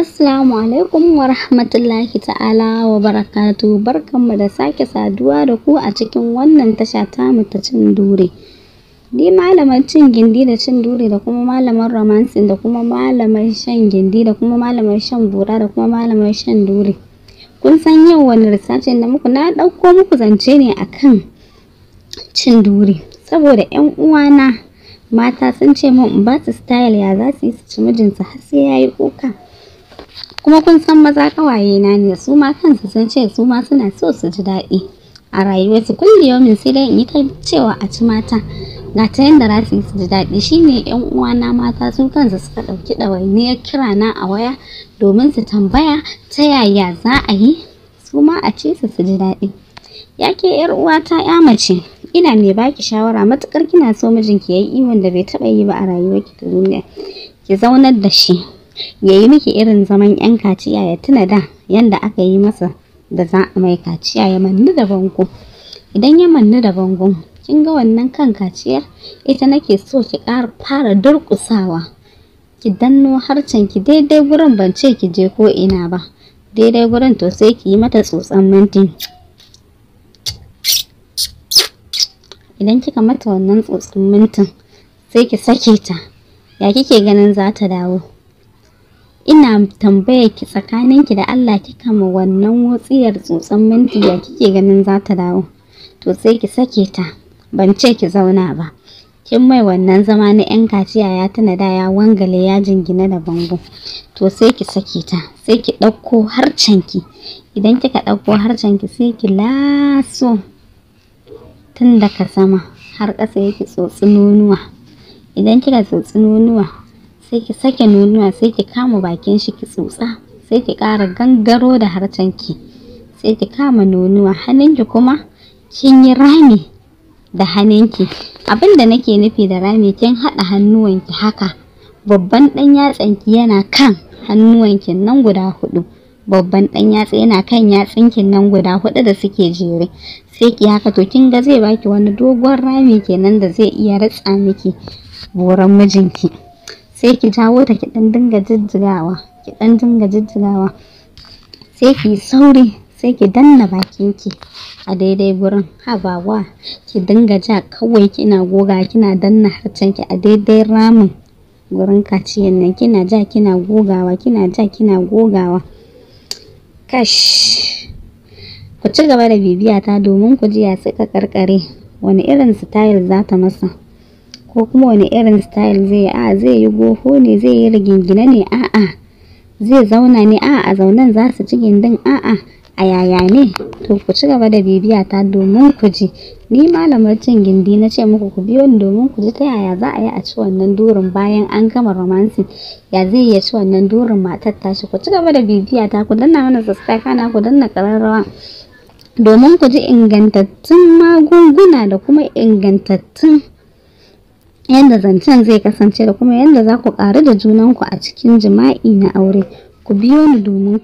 Assalamu alaikum wa rahmatullahi ta'ala wa barakatu barkanmu da sake saduwa da ku a cikin wannan tasha ta mu ta cin dure. Ni malamar cin gindi da cin dure da kuma malamar romancing da kuma malamar shan gindi da kuma malamar shan bura da kuma malamar shan dure. Kun san yau wani risacin da muku na ɗauko muku zance ne a kan cin dure saboda 'yan uwana mata sun ce min in ba su style ya za su yi su ci mijinsu har sai ya yi kuka. kuma kun san maza kawaye na ne su ma kansu sun ce su ma suna so su ji daɗi a rayuwarsu kulle min sai dai in yi ta cewa a ci mata ga ta yadda za su yi su ji daɗi shine yan uwana mata su kansu suka ɗauki ɗawainiyar kira na a waya domin su tambaya ta yaya za a yi su ma a ce su su ji daɗi ya ke yar uwata ya mace ina mai baki shawara matukar kina so mijinki yayi iwon da bai taɓa yi ba a rayuwarki ta ki zaunar da shi ya yi miki irin zaman 'yan kaciya ya tuna da yadda aka yi masa da za a mai kaciya ya manni da bango idan ya manni da bango kin ga wannan kan kaciyar ita nake so ki ƙara fara durƙusawa ki danno harcen ki daidai gurin ban ce ki je ko ina ba daidai gurin to sai ki yi mata tsotsan minti idan kika mata wannan tsotsan mintin sai ki sake ta ya kike ganin za ta dawo ina tambaya ki tsakanin ki da Allah kika ma wannan wutsiyar tsotsan minti ya kike ganin za ta dawo to sai ki sake ta ban ce ki zauna ba kin mai wannan zama na yan kaciya ya tana da ya wangale ya jingina da bango to sai ki sake ta sai ki ɗauko ki. idan kika ɗauko ki sai ki laso tun daga sama har ƙasa yake tsotsi nonuwa idan kika tsotsi nonuwa sai ki sake nonuwa sai ki kama bakin shi ki tsotsa sai ki ƙara gangaro da ki sai ki kama nonuwa ki kuma kin yi rami da hannunki abinda nake nufi da rami kin haɗa ki haka babban ɗan yatsanki yana kan hannuwanki nan guda hudu babban ɗan yatsa yana kan ki nan guda hudu da suke jere sai ki haka to kin ga zai baki wani doguwar rami kenan da zai iya ritsa miki boran mijinki sai ki jawo ta ki ɗan dinga jijjigawa ki ɗan dinga jijjigawa sai ki sauri sai ki danna bakinki a daidai gurin habawa ki dinga ja kawai kina goga kina danna ki a daidai ramin gurin kaciyan nan kina ja kina gogawa kina ja kina gogawa kash ku ci gaba da bibiya ta domin ku ji ya suka karkare wani irin style za ta masa ko kuma wani irin style zai yi a zai yi goho ne zai yi rigingina ne a zai zauna ne a a zaunan za su ci gindin a a yaya ne to ku ci gaba da bibiya ta domin ku ji ni malamar cin gindi na ce muku ku biyo ni domin ku ji ta yaya za a yi a ci wannan durin bayan an gama romancing ya zai iya ci wannan durin matar tashi ku ci gaba da bibiya ta ku danna mana subscribe kana ku danna kararrawa domin ku ji ingantattun magunguna da kuma ingantattun yanda zancen zai kasance da kuma yanda za ku ƙaru da junanku a cikin jima'i na aure. Ku biyo ni domin